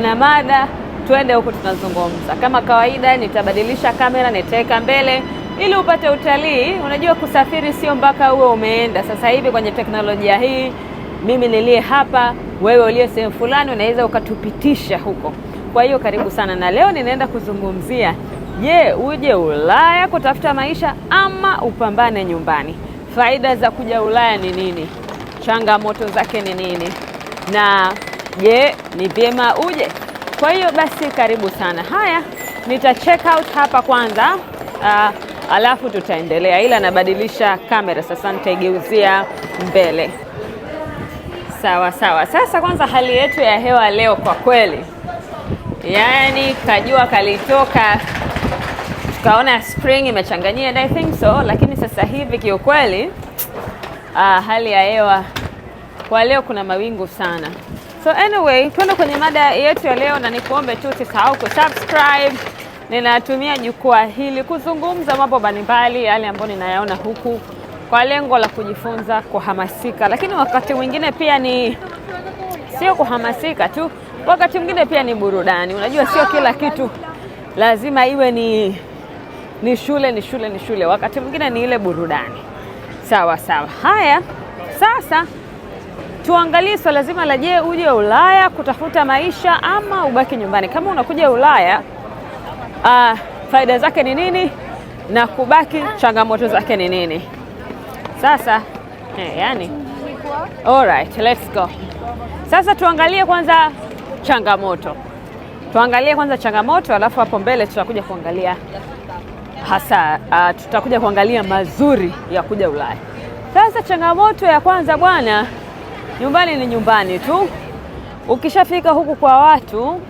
na mada twende huko, tunazungumza kama kawaida. Nitabadilisha kamera, nitaweka mbele ili upate utalii. Unajua kusafiri sio mpaka uwe umeenda. Sasa hivi kwenye teknolojia hii, mimi niliye hapa, wewe uliye sehemu fulani, unaweza ukatupitisha huko. Kwa hiyo karibu sana, na leo ninaenda kuzungumzia, je, uje Ulaya kutafuta maisha ama upambane nyumbani? Faida za kuja Ulaya ni nini? Changamoto zake ni nini? na Je, ni vyema uje? Kwa hiyo basi karibu sana. Haya, nita check out hapa kwanza uh, alafu tutaendelea, ila nabadilisha kamera sasa, nitaigeuzia mbele. Sawa sawa. Sasa kwanza, hali yetu ya hewa leo kwa kweli, yaani kajua kalitoka tukaona spring imechanganyia and I think so, lakini sasa hivi kiukweli, uh, hali ya hewa kwa leo kuna mawingu sana. So anyway, tuende kwenye mada yetu ya leo, na nikuombe tu usisahau kusubscribe. Ninatumia jukwaa hili kuzungumza mambo mbalimbali yale ambayo ninayaona huku kwa lengo la kujifunza, kuhamasika, lakini wakati mwingine pia ni sio kuhamasika tu, wakati mwingine pia ni burudani. Unajua, sio kila kitu lazima iwe ni ni shule ni shule ni shule, wakati mwingine ni ile burudani. Sawa sawa. Haya, sasa Tuangalie swala zima la je, uje Ulaya kutafuta maisha ama ubaki nyumbani. Kama unakuja Ulaya, uh, faida zake ni nini na kubaki, changamoto zake ni nini? Sasa eh, yani, alright, let's go. Sasa tuangalie kwanza changamoto, tuangalie kwanza changamoto, alafu hapo mbele tutakuja kuangalia hasa uh, tutakuja kuangalia mazuri ya kuja Ulaya. Sasa changamoto ya kwanza bwana Nyumbani ni nyumbani tu. Ukishafika huku kwa watu,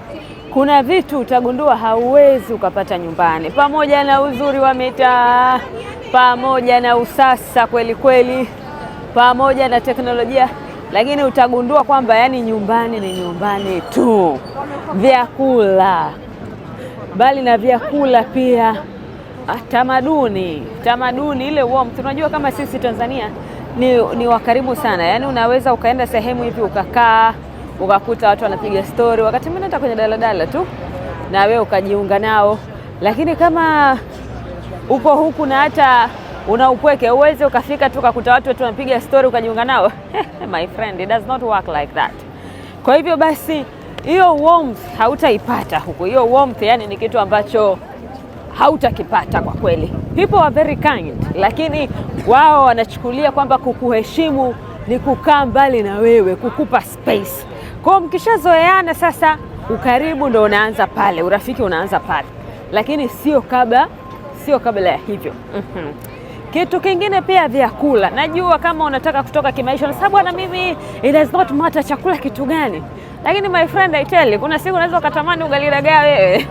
kuna vitu utagundua hauwezi ukapata nyumbani, pamoja na uzuri wa mitaa, pamoja na usasa kweli kweli, pamoja na teknolojia, lakini utagundua kwamba yani nyumbani ni nyumbani tu. Vyakula bali na vyakula pia ah, tamaduni, tamaduni ile warmth. Unajua kama sisi Tanzania ni, ni wakaribu sana, yaani unaweza ukaenda sehemu hivi ukakaa ukakuta watu wanapiga stori, wakati mwingine hata kwenye daladala tu, na wewe ukajiunga nao. Lakini kama uko huku na hata una upweke, uweze ukafika tu ukakuta watu wetu wanapiga stori ukajiunga nao my friend, it does not work like that. Kwa hivyo basi hiyo warmth hautaipata huku. Hiyo warmth yani ni kitu ambacho hautakipata kwa kweli people are very kind, lakini wao wanachukulia kwamba kukuheshimu ni kukaa mbali na wewe, kukupa space. Kwa mkishazoeana sasa, ukaribu ndo unaanza pale, urafiki unaanza pale, lakini sio kabla, sio kabla ya hivyo. Mhm. Kitu kingine pia vyakula. Najua kama unataka kutoka kimaisha, na sababu na mimi it does not matter chakula kitu gani, lakini my friend I tell you, kuna siku unaweza ukatamani ugali dagaa wewe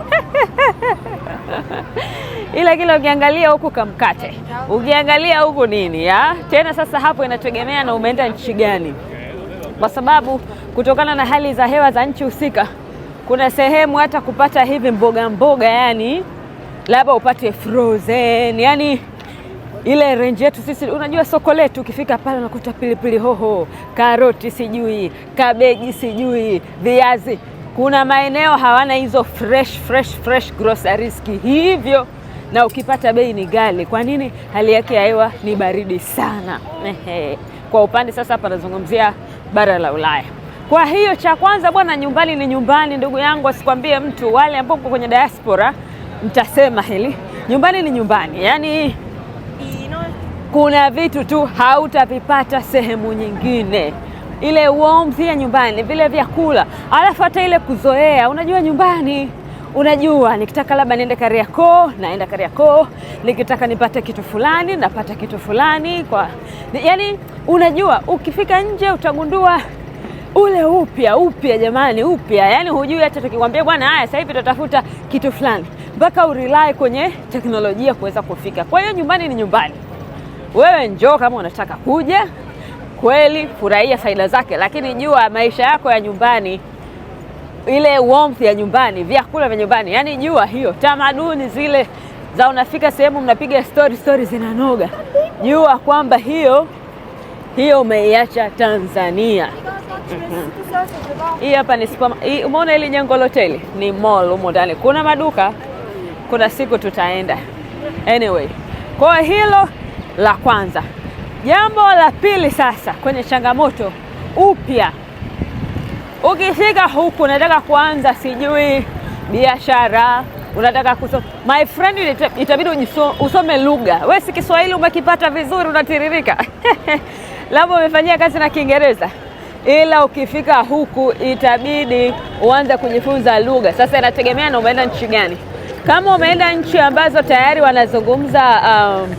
ila kila ukiangalia huku kamkate, ukiangalia huku nini ya? Tena sasa hapo inategemea na umeenda nchi gani, kwa sababu kutokana na hali za hewa za nchi husika kuna sehemu hata kupata hivi mboga mboga, yani labda upate frozen, yani ile renji yetu sisi. Unajua soko letu ukifika pale unakuta pilipili hoho, karoti, sijui kabeji, sijui viazi kuna maeneo hawana hizo fresh fresh fresh groceries hivyo, na ukipata bei ni ghali. Kwa nini? Hali yake ya hewa ni baridi sana. Ehe. Kwa upande sasa, hapa nazungumzia bara la Ulaya. Kwa hiyo cha kwanza bwana, nyumbani ni nyumbani, ndugu yangu, asikwambie mtu. Wale ambao mko kwenye diaspora mtasema hili, nyumbani ni nyumbani, yaani kuna vitu tu hautavipata sehemu nyingine ile warmth ya nyumbani, vile vyakula, alafu hata ile kuzoea. Unajua nyumbani unajua nikitaka labda niende Kariakoo naenda Kariakoo, nikitaka nipate kitu fulani napata kitu fulani kwa, yani, unajua ukifika nje utagundua ule upya upya, jamani, upya. yani, hujui hata tukikwambia bwana, haya sasa hivi tutatafuta kitu fulani, mpaka urely kwenye teknolojia kuweza kufika. Kwa hiyo nyumbani ni nyumbani, wewe njoo kama unataka kuja kweli, furahia faida zake, lakini jua maisha yako ya nyumbani, ile warmth ya nyumbani, vyakula vya nyumbani, yani jua hiyo tamaduni zile za unafika sehemu mnapiga story story zinanoga. Jua kwamba hiyo hiyo umeiacha Tanzania. Hii hapa ni umeona, ili jengo loteli hili ni mall, humo ndani kuna maduka, kuna siku tutaenda anyway. Kwa hilo la kwanza. Jambo la pili sasa kwenye changamoto upya, ukifika huku unataka kuanza sijui biashara unataka kusoma, my friend, itabidi usome lugha. We si Kiswahili umekipata vizuri, unatiririka labda umefanyia kazi na Kiingereza, ila ukifika huku itabidi uanze kujifunza lugha. Sasa inategemea na umeenda nchi gani. Kama umeenda nchi ambazo tayari wanazungumza um,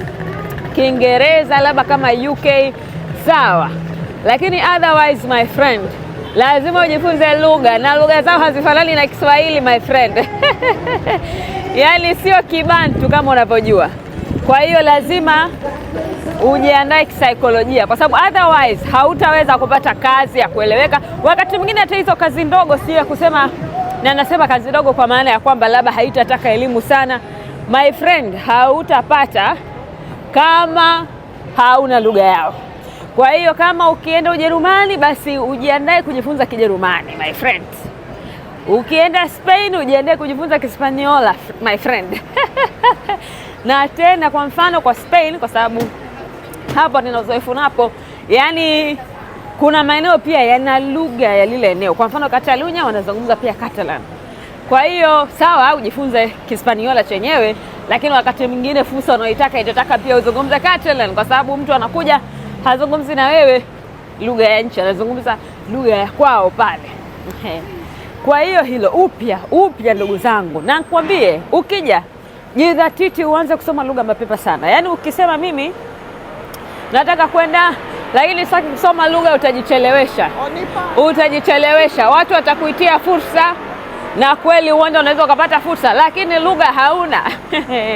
Kiingereza labda kama UK sawa, lakini otherwise my friend, lazima ujifunze lugha na lugha zao hazifanani na Kiswahili my friend yaani sio Kibantu kama unavyojua. Kwa hiyo lazima ujiandae kisaikolojia, kwa sababu otherwise hautaweza kupata kazi ya kueleweka. Wakati mwingine hata hizo kazi ndogo, sio ya kusema, na nasema kazi ndogo kwa maana ya kwamba labda haitataka elimu sana, my friend, hautapata kama hauna lugha yao. Kwa hiyo kama ukienda Ujerumani, basi ujiandae kujifunza Kijerumani my friend. Ukienda Spain, ujiandae kujifunza Kispaniola my friend. na tena kwa mfano kwa Spain, kwa sababu hapo nina uzoefu napo, yaani kuna maeneo pia yana lugha ya lile eneo. Kwa mfano Katalunya wanazungumza pia Catalan. Kwa hiyo sawa, ujifunze Kispaniola chenyewe lakini wakati mwingine fursa unaoitaka itataka pia uzungumze Catalan, kwa sababu mtu anakuja hazungumzi na wewe lugha ya nchi, anazungumza lugha ya kwao pale. Kwa hiyo hilo upya upya, ndugu zangu, na ukija jidhatiti uanze kusoma lugha mapema sana. Yaani ukisema mimi nataka kwenda lakini sitaki kusoma lugha, utajichelewesha, utajichelewesha, watu watakuitia fursa na kweli uwanja unaweza ukapata fursa, lakini lugha hauna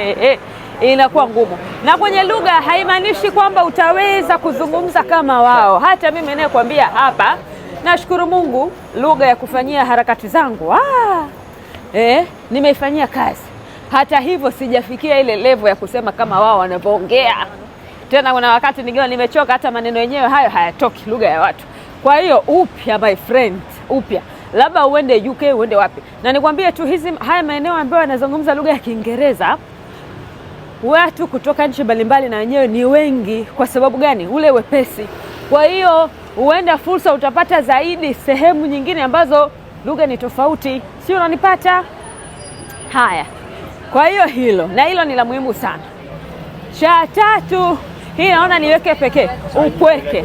inakuwa ngumu. Na kwenye lugha haimaanishi kwamba utaweza kuzungumza kama wao. Hata mimi ninayekwambia hapa, nashukuru Mungu, lugha ya kufanyia harakati zangu ah, eh, nimeifanyia kazi. Hata hivyo sijafikia ile levo ya kusema kama wao wanavyoongea. Tena kuna wakati nigiwa nimechoka, hata maneno yenyewe hayo hayatoki, lugha ya watu. Kwa hiyo upya, my friend, upya labda uende UK uende wapi. Na nikwambie tu hizi haya maeneo ambayo yanazungumza lugha ya Kiingereza watu kutoka nchi mbalimbali na wenyewe ni wengi. Kwa sababu gani? Ule wepesi. Kwa hiyo huenda fursa utapata zaidi sehemu nyingine ambazo lugha ni tofauti, si unanipata? Haya, kwa hiyo hilo na hilo ni la muhimu sana. Cha tatu hii naona niweke pekee, upweke.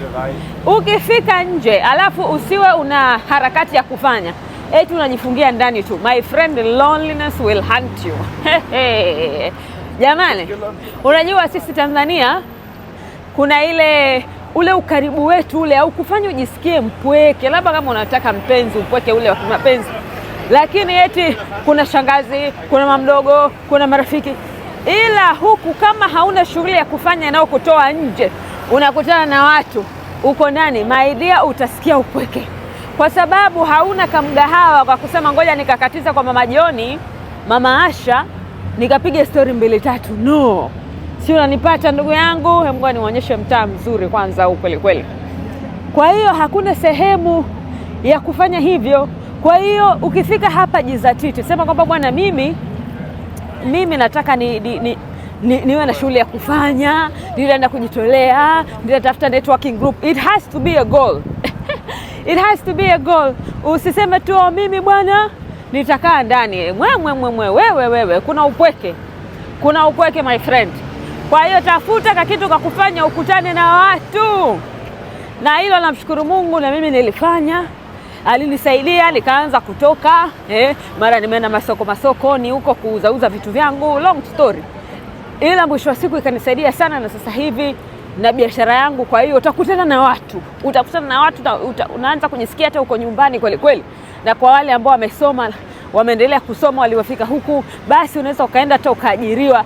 Ukifika nje alafu usiwe una harakati ya kufanya eti unajifungia ndani tu. My friend loneliness will hunt you. Jamani, unajua sisi Tanzania kuna ile ule ukaribu wetu ule au kufanya ujisikie mpweke, labda kama unataka mpenzi upweke ule wa kimapenzi, lakini eti kuna shangazi, kuna mamdogo, kuna marafiki ila huku kama hauna shughuli ya kufanya kutoa nje, unakutana na watu uko ndani, maidia utasikia upweke, kwa sababu hauna kamgahawa kwa kusema ngoja nikakatiza kwa mama jioni, mama Asha, nikapiga stori mbili tatu. No, si unanipata ndugu yangu, hemgoa nionyeshe mtaa mzuri kwanza huu kweli kweli. Kwa hiyo hakuna sehemu ya kufanya hivyo. Kwa hiyo ukifika hapa jizatiti, sema kwamba bwana, mimi mimi nataka ni, ni, ni, ni, niwe na shughuli ya kufanya, nitaenda kujitolea, nitatafuta networking group. It has to be a goal. It has to be a goal. Usiseme tu oh, mimi bwana nitakaa ndani mwemwemwemwe. Wewe wewe, kuna upweke, kuna upweke my friend. Kwa hiyo tafuta ka kitu kakufanya ukutane na watu, na hilo namshukuru Mungu na mimi nilifanya alinisaidia nikaanza kutoka eh, mara nimeenda masoko masoko ni huko kuuzauza vitu vyangu, long story, ila mwisho wa siku ikanisaidia sana, na sasa hivi na biashara yangu. Kwa hiyo utakutana na watu, utakutana na watu uta, uta, unaanza kujisikia hata uko nyumbani kweli kweli, na kwa wale ambao wamesoma wameendelea kusoma waliofika huku, basi unaweza ukaenda hata ukaajiriwa.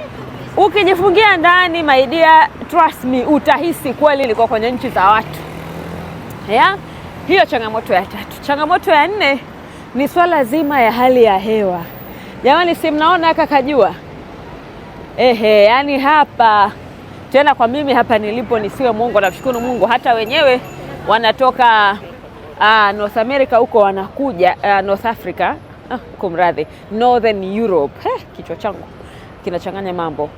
Ukijifungia ndani, my dear, trust me, utahisi kweli niko kwenye nchi za watu yeah? Hiyo changamoto ya tatu. Changamoto ya nne ni swala zima ya hali ya hewa. Jamani, si mnaona kajua? Ehe, yani hapa tena kwa mimi hapa nilipo, nisiwe na namshukuru Mungu, hata wenyewe wanatoka uh, North America huko wanakuja uh, North Africa huko uh, ah, mradhi Northern Europe. Heh, kichwa changu kinachanganya mambo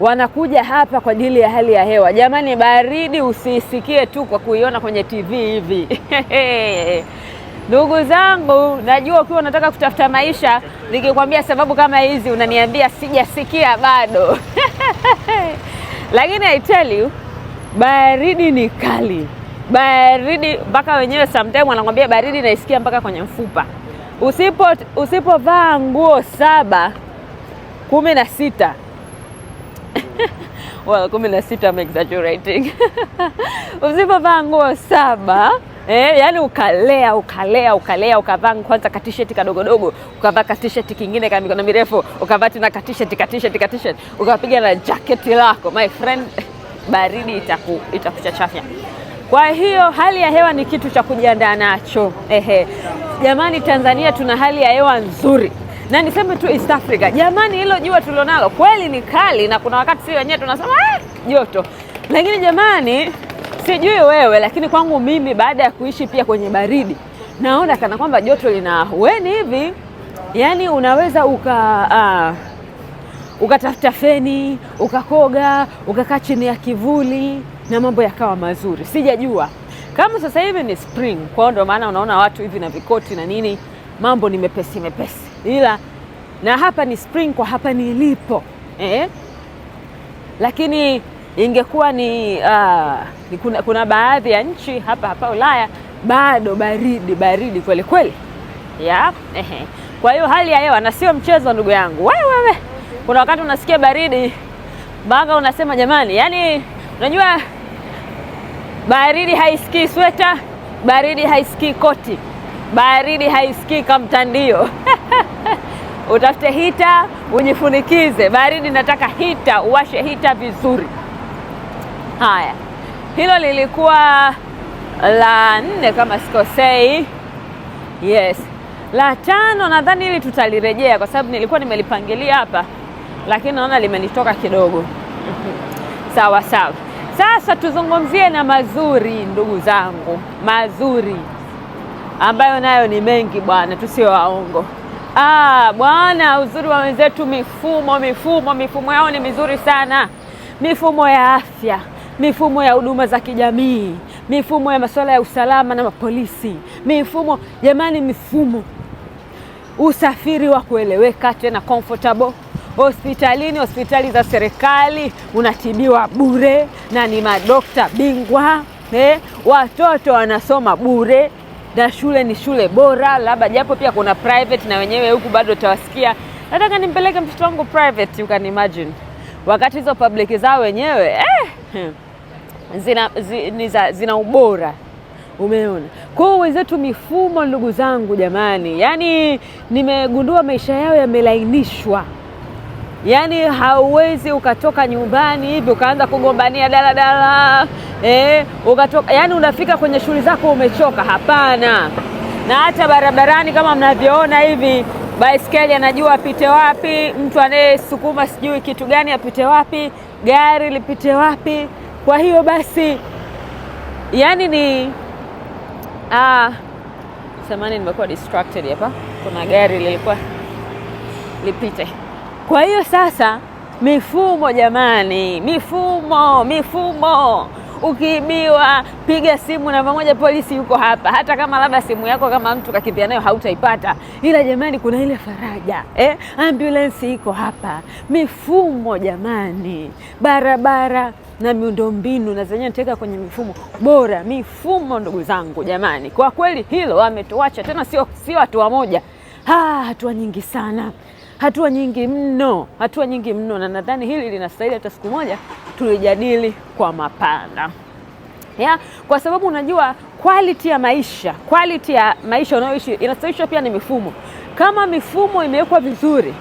wanakuja hapa kwa ajili ya hali ya hewa. Jamani, baridi usiisikie tu kwa kuiona kwenye TV hivi ndugu zangu, najua ukiwa unataka kutafuta maisha, nikikwambia sababu kama hizi unaniambia sijasikia bado lakini I tell you, baridi ni kali, baridi mpaka wenyewe sometimes wanakwambia baridi naisikia mpaka kwenye mfupa. Usipo usipovaa nguo saba kumi na sita well, kumi na sita I'm exaggerating. Usipavaa nguo saba Eh, yani ukalea ukalea ukalea ukavaa kwanza katisheti kadogodogo ukavaa katisheti kingine ka mikono mirefu ukavaa tena t-shirt t-shirt ukapiga na jaketi lako my friend, baridi itaku itakuchachafya. Kwa hiyo hali ya hewa ni kitu cha kujiandaa nacho. Ehe, jamani, Tanzania tuna hali ya hewa nzuri na niseme tu East Africa, jamani, hilo jua tulionalo kweli ni kali, na kuna wakati sisi wenyewe tunasema ah, joto, lakini jamani, sijui wewe, lakini kwangu mimi baada ya kuishi pia kwenye baridi naona kana kwamba joto lina weni hivi, yani unaweza uka uh, ukatafuta feni ukakoga ukakaa chini ya kivuli na mambo yakawa mazuri. Sijajua kama sasa hivi ni spring kwao, ndio maana unaona watu hivi na vikoti na nini, mambo ni mepesi mepesi ila na hapa ni Spring kwa hapa nilipo eh? Lakini ingekuwa ni, uh, ni kuna, kuna baadhi ya nchi hapa hapa Ulaya bado baridi baridi kweli kweli yeah. eh. Kwa hiyo hali ya hewa na sio mchezo ndugu yangu, wewe wewe, kuna wakati unasikia baridi mpaka unasema jamani, yani unajua baridi haisikii sweta, baridi haisikii koti, baridi haisikii kamtandio utafute hita ujifunikize baridi, nataka hita, uwashe hita vizuri. Haya, hilo lilikuwa la nne kama sikosei. Yes, la tano nadhani hili tutalirejea kwa sababu nilikuwa nimelipangilia hapa, lakini naona limenitoka kidogo. Sawa sawa. Sasa tuzungumzie na mazuri, ndugu zangu, mazuri ambayo nayo ni mengi bwana, tusio waongo. Ah, bwana, uzuri wa wenzetu mifumo, mifumo, mifumo yao ni mizuri sana, mifumo ya afya, mifumo ya huduma za kijamii, mifumo ya masuala ya usalama na mapolisi, mifumo jamani, mifumo usafiri wa kueleweka, tena comfortable hospitalini, hospitali za serikali unatibiwa bure na ni madokta bingwa eh, watoto wanasoma bure na shule ni shule bora, labda japo pia kuna private na wenyewe huku bado utawasikia nataka nimpeleke mtoto wangu private, you can imagine, wakati hizo public zao wenyewe eh, zina, zina, zina ubora. Umeona, kwa hiyo wenzetu mifumo, ndugu zangu, jamani, yani nimegundua maisha yao yamelainishwa, yaani hauwezi ukatoka nyumbani hivi ukaanza kugombania daladala eh, ukatoka, yani unafika kwenye shughuli zako umechoka. Hapana. Na hata barabarani kama mnavyoona hivi, baiskeli anajua apite wapi, mtu anayesukuma sijui kitu gani apite wapi, gari lipite wapi. Kwa hiyo basi, yani ni ah, samani, nimekuwa distracted hapa, kuna gari lilikuwa lipite. Kwa hiyo sasa, mifumo jamani, mifumo, mifumo ukiibiwa, piga simu namba moja, polisi yuko hapa. Hata kama labda simu yako kama mtu kakimbia nayo hautaipata, ila jamani, kuna ile faraja eh? Ambulensi iko hapa, mifumo jamani, barabara na miundombinu na zenyewe nitaweka kwenye mifumo bora. Mifumo ndugu zangu, jamani, kwa kweli hilo wametuacha tena, sio sio hatua moja, ah, hatua nyingi sana hatua nyingi mno, hatua nyingi mno, na nadhani hili linastahili hata siku moja tulijadili kwa mapana ya, kwa sababu unajua quality ya maisha, quality ya maisha unayoishi inastahilishwa pia ni mifumo. Kama mifumo imewekwa vizuri,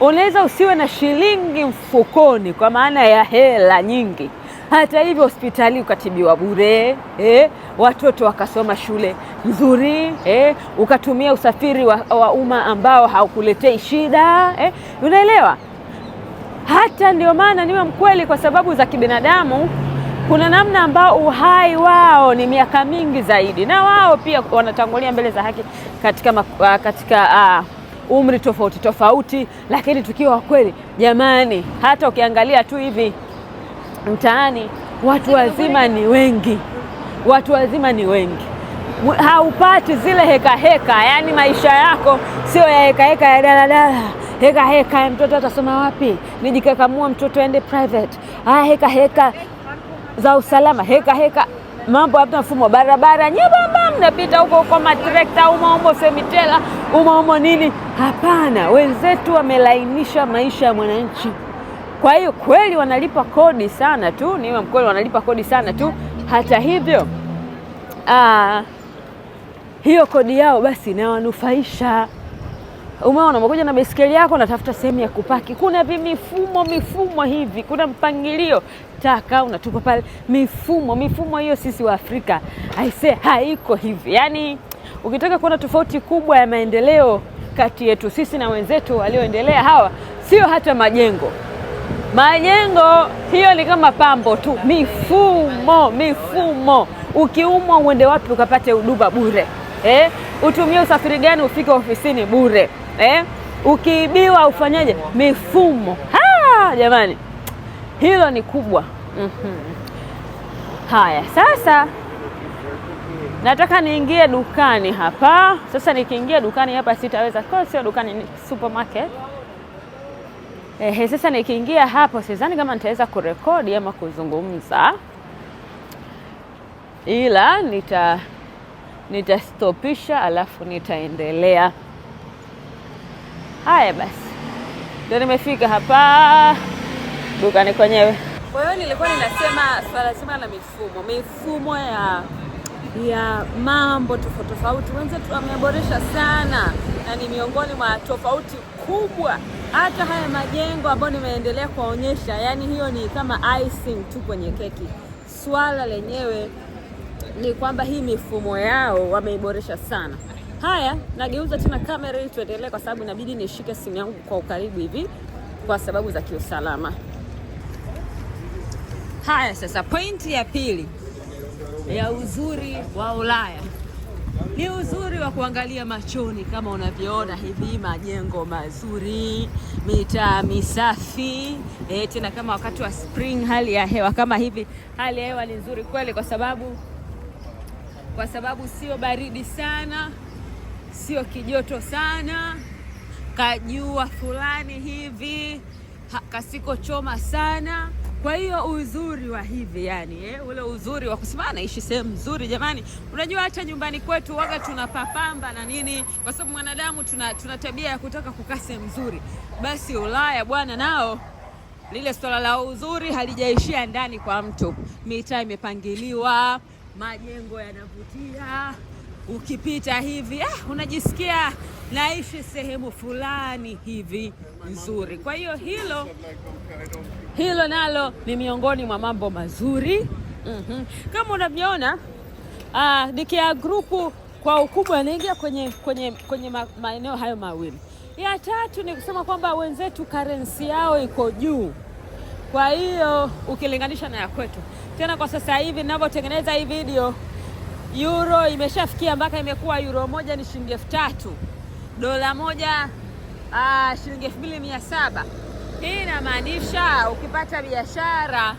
unaweza usiwe na shilingi mfukoni, kwa maana ya hela nyingi Hata hivyo hospitali ukatibiwa bure eh, watoto wakasoma shule nzuri eh, ukatumia usafiri wa, wa umma ambao haukuletei shida eh, unaelewa. Hata ndio maana niwe mkweli, kwa sababu za kibinadamu kuna namna ambao uhai wao ni miaka mingi zaidi, na wao pia wanatangulia mbele za haki katika, ah, katika uh, umri tofauti tofauti, lakini tukiwa kweli jamani, hata ukiangalia tu hivi mtaani watu wazima ni wengi, watu wazima ni wengi, haupati zile heka heka. Yani maisha yako sio ya heka heka ya daladala heka heka, mtoto atasoma wapi, nijikakamua mtoto aende private. Haya ah, heka heka za usalama, heka heka mambo hapa, mfumo barabara nyebamba, mnapita huko kwa matrekta umahumo, semitela umahumo nini. Hapana, wenzetu wamelainisha maisha ya mwananchi. Kwa hiyo kweli wanalipa kodi sana tu, niwe mkweli, wanalipa kodi sana tu. Hata hivyo aa, ah, hiyo kodi yao basi inawanufaisha. Umeona, umekuja na baisikeli yako, natafuta sehemu ya kupaki. Kuna vimifumo mifumo hivi, kuna mpangilio, taka unatupa pale, mifumo mifumo hiyo. Sisi wa Afrika aise, haiko hivi. Yaani ukitaka kuona tofauti kubwa ya maendeleo kati yetu sisi na wenzetu walioendelea hawa, sio hata majengo Majengo hiyo ni kama pambo tu, mifumo mifumo. Ukiumwa uende wapi ukapate huduma bure eh? Utumie usafiri gani ufike ofisini bure eh? Ukiibiwa ufanyeje? Mifumo ha, jamani, hilo ni kubwa. mm -hmm. Haya, sasa nataka niingie dukani hapa. Sasa nikiingia dukani hapa sitaweza, sio dukani, ni supermarket Ehe, eh, sasa nikiingia hapo sidhani kama nitaweza kurekodi ama kuzungumza, ila nita nitastopisha alafu nitaendelea. Haya basi, ndio nimefika hapa dukani kwenyewe. Kwa hiyo nilikuwa ninasema swala zima la mifumo, mifumo ya ya mambo tofauti tofauti, wenzetu wameboresha sana na ni miongoni mwa tofauti kubwa hata haya majengo ambayo nimeendelea kuwaonyesha, yani hiyo ni kama icing tu kwenye keki. Swala lenyewe ni kwamba hii mifumo yao wameiboresha sana. Haya, nageuza tena kamera ili tuendelee, kwa sababu inabidi nishike simu yangu kwa ukaribu hivi kwa sababu za kiusalama. Haya, sasa pointi ya pili ya uzuri wa Ulaya ni uzuri wa kuangalia machoni, kama unavyoona hivi majengo mazuri, mitaa misafi e, tena kama wakati wa spring, hali ya hewa kama hivi, hali ya hewa ni nzuri kweli, kwa sababu kwa sababu sio baridi sana, sio kijoto sana, kajua fulani hivi kasiko choma sana kwa hiyo uzuri wa hivi yani eh, ule uzuri wa kusema ah, naishi sehemu nzuri jamani. Unajua hata nyumbani kwetu waga tunapapamba na nini, kwa sababu mwanadamu tuna, tuna tabia ya kutaka kukaa sehemu nzuri. Basi Ulaya bwana, nao lile swala la uzuri halijaishia ndani kwa mtu. Mitaa imepangiliwa, majengo yanavutia ukipita hivi ah, unajisikia naishi sehemu fulani hivi nzuri. Kwa hiyo hilo hilo nalo ni miongoni mwa mambo mazuri mm -hmm. Kama unavyoona uh, ah, nikia grupu kwa ukubwa anaingia kwenye, kwenye, kwenye maeneo hayo mawili. Ya tatu ni kusema kwamba wenzetu karensi yao iko juu, kwa hiyo ukilinganisha na ya kwetu, tena kwa sasa hivi ninavyotengeneza hii video euro imeshafikia mpaka imekuwa euro moja ni shilingi elfu tatu dola moja uh, shilingi elfu mbili mia saba Hii inamaanisha ukipata biashara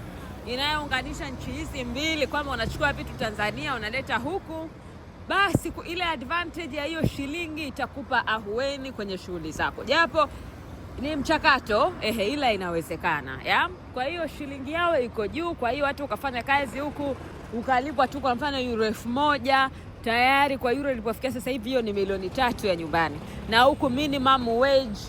inayounganisha nchi hizi mbili, kwamba unachukua vitu Tanzania unaleta huku, basi ile advantage ya hiyo shilingi itakupa ahueni kwenye shughuli zako, japo ni mchakato ehe, ila inawezekana ya. Kwa hiyo shilingi yao iko juu, kwa hiyo watu ukafanya kazi huku ukalipwa tu kwa mfano euro elfu moja tayari kwa euro ilipofikia sasa hivi hiyo ni milioni tatu ya nyumbani, na huku minimum wage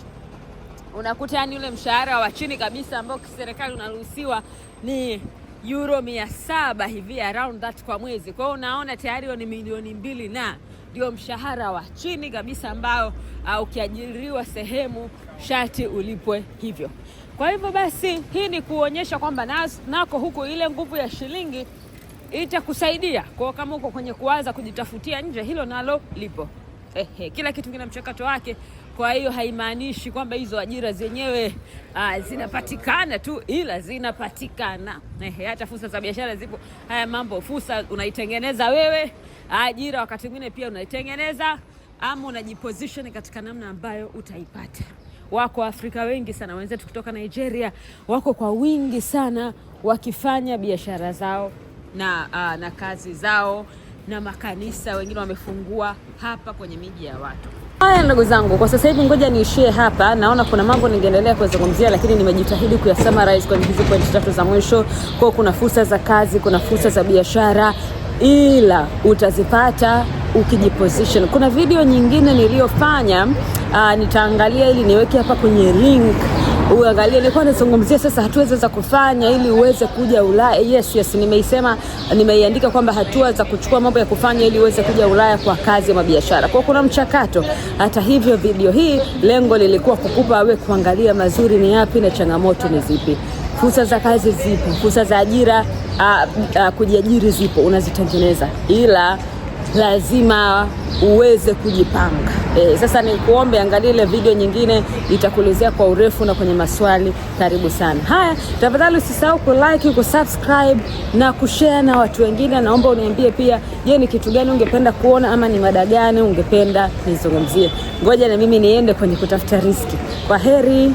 unakuta yani ule mshahara wa chini kabisa ambao kiserikali unaruhusiwa ni euro mia saba hivi around that kwa mwezi. Kwa hiyo unaona tayari hiyo ni milioni mbili na ndio mshahara wa chini kabisa ambao uh, ukiajiriwa sehemu shati ulipwe hivyo. Kwa hivyo basi, hii ni kuonyesha kwamba nako huku ile nguvu ya shilingi itakusaidia kwa kama uko kwenye kuanza kujitafutia nje, hilo nalo lipo. Ehe, kila kitu kina mchakato wake. Kwa hiyo haimaanishi kwamba hizo ajira zenyewe ah, zinapatikana tu, ila zinapatikana. Ehe, hata fursa za biashara zipo. Haya mambo, fursa unaitengeneza wewe, ajira wakati mwingine pia unaitengeneza ama unajiposition katika namna ambayo utaipata. Wako Afrika wengi sana wenzetu kutoka Nigeria, wako kwa wingi sana wakifanya biashara zao na, uh, na kazi zao na makanisa wengine wamefungua hapa kwenye miji ya watu. Haya ndugu zangu, kwa sasa hivi ngoja niishie hapa. Naona kuna mambo ningeendelea kuzungumzia, lakini nimejitahidi kuya summarize kwenye hizi pointi tatu za mwisho. Kwa kuna fursa za kazi, kuna fursa za biashara, ila utazipata ukijiposition. Kuna video nyingine niliyofanya, uh, nitaangalia ili niweke hapa kwenye link uangalie. Nilikuwa nazungumzia sasa hatua za kufanya ili uweze kuja Ulaya. Yes, yes, nimeisema nimeiandika kwamba hatua za kuchukua mambo ya kufanya ili uweze kuja Ulaya kwa kazi ama biashara. Kwa kuna mchakato. Hata hivyo, video hii lengo lilikuwa kukupa wewe kuangalia mazuri ni yapi na changamoto ni zipi. Fursa za kazi zipo, fursa za ajira, ah, ah, kujiajiri zipo, unazitengeneza ila lazima uweze kujipanga. E, sasa nikuombe angalia ile video nyingine, itakuelezea kwa urefu na kwenye maswali. Karibu sana. Haya, tafadhali usisahau ku subscribe na kushare na watu wengine. Naomba uniambie pia, je, ni kitu gani ungependa kuona ama ni mada gani ungependa nizungumzie? Ngoja na mimi niende kwenye kutafuta riziki. Kwa heri.